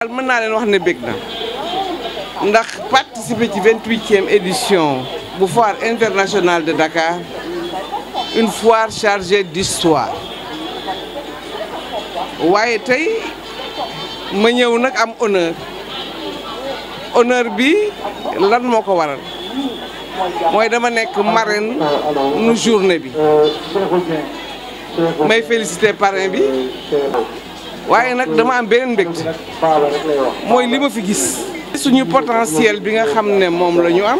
daal mën naa leen wax ne bég na ndax participer ci vingt-huitième édition bu foire internationale de Dakar une foire chargée d'histoire waaye tey ma ñëw nag am honneur honneur bi lan moo ko waral mooy dama nekk marraine nu journée bi may féliciter parrain bi waaye nag dama am beneen mbégte mooy li ma fi gis. suñu potentiel bi nga xam ne moom lañu am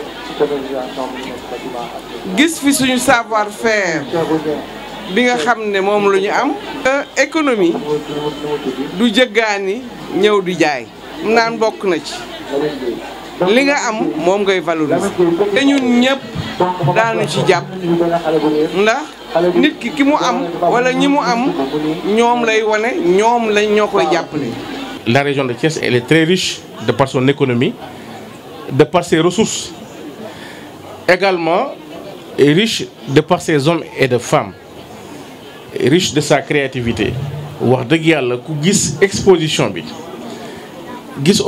gis fi suñu savoir faire bi nga xam ne moom la ñu am. économie du jëggaani ñëw du jaay. naan bokk na ci li nga am moom ngay valoriser. te ñun ñëpp daanu ci jàpp ndax. la région de Thiès elle est très riche de par son économie de par ses ressources également est riche de par ses hommes et de femmes riche de sa créativité. wax deug yalla ku gis exposition bi gis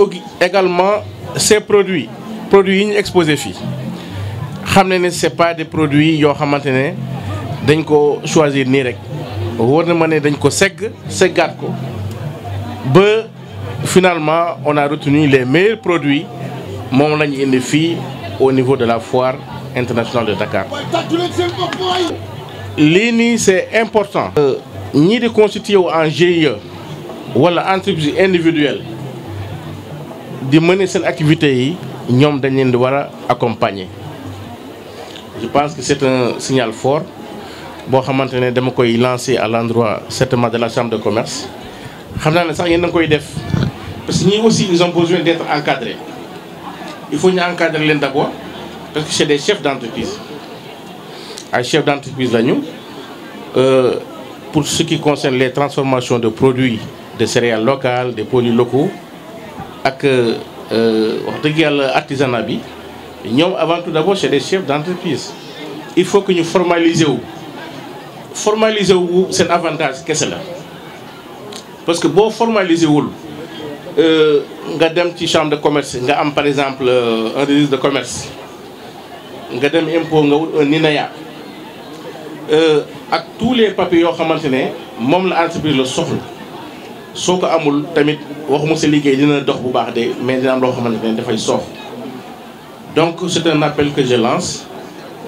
également ses produits produits yi ñu exposé ne c'est pas des produits yo sont dañ ko choisir Nirek. rek wóor mané segg ko finalement on a retenu les meilleurs produits au niveau de la foire internationale de Dakar. L'INI c'est important. On euh, di constitué un en GIE une entreprise individuelle de mener cette activité, yi dañ accompagner je pense que c'est un signal fort. Je xamante lancer à l'endroit certainement de la chambre de commerce Je parce que aussi ils ont besoin d'être encadrés il faut nous encadrer d'abord parce que c'est des chefs d'entreprise Un chef d'entreprise euh, pour ce qui concerne les transformations de produits de céréales locales de produits locaux avec euh, euh, wax l'artisanat, avant tout d'abord c'est des chefs d'entreprise il faut que nous formalisions formaliser wu cet avantage qu'est-ce là? parce que vous formaliser wul euh, nga dem ci chambre de commerce nga am par exemple euh, un registre de commerce nga dem impôt nga wut un euh, ak tous les papiers yoo xamante ne la entreprise la soxla soo amul tamit waxuma sa liguey dina dox bu baax de mais dina am lo xamantene da fay donc c'est un appel que je lance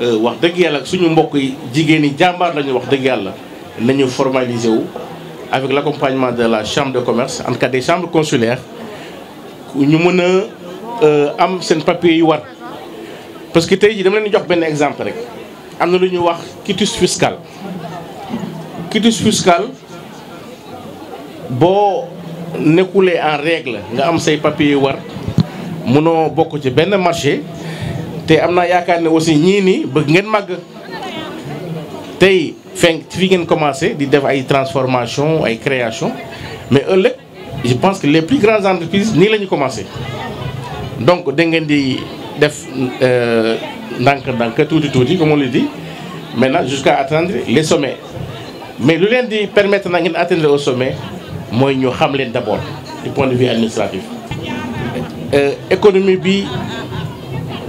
euh, wax deug yalla ak suñu mbokk yi jigéen yi jàmbaar lañu wax deug yalla nañu formaliser wu avec l'accompagnement de la chambre de commerce en cas des chambres consulaires ñu mën a euh, am seen papier yi war parce que tey ji dama leen jox benn exemple rek am na lu ñuy wax quitus fiscal quitus fiscal boo nekkulee en règle nga am say papier yi war mënoo bokk ci benn marché té amna aussi ñii ni, bëgg ngeen mag. fi ngeen commencé di def ay transformation ay création mais ëllëg je pense que les plus grandes entreprises n'ont pas commencé donc da ngeen di def euh, ndànk ndànk comme on le dit maintenant jusqu'à atteindre les sommets mais lu leen di permettre na ngeen atteindre au sommet moy ñu xam leen d'abord du point de vue administratif euh, économie bi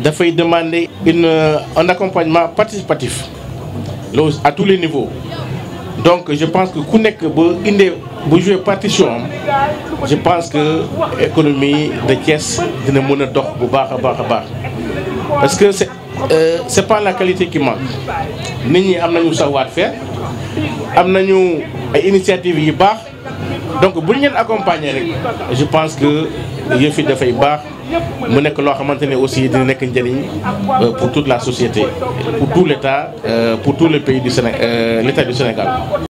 dafay demander euh, un accompagnement participatif à tous les niveaux donc je pense que si vous joue bougez bu je pense que l'économie de caisse ne peut pas être bu parce que ce n'est euh, pas la qualité qui manque Nous avons un savoir-faire nous avons une initiative donc si vous accompagner je pense que yëf yi fay bax mu nek lo xamantene aussi di nek njëriñ euh, pour toute la société pour tout l'État euh, pour tout le pays du Sénégal euh, l'État du Sénégal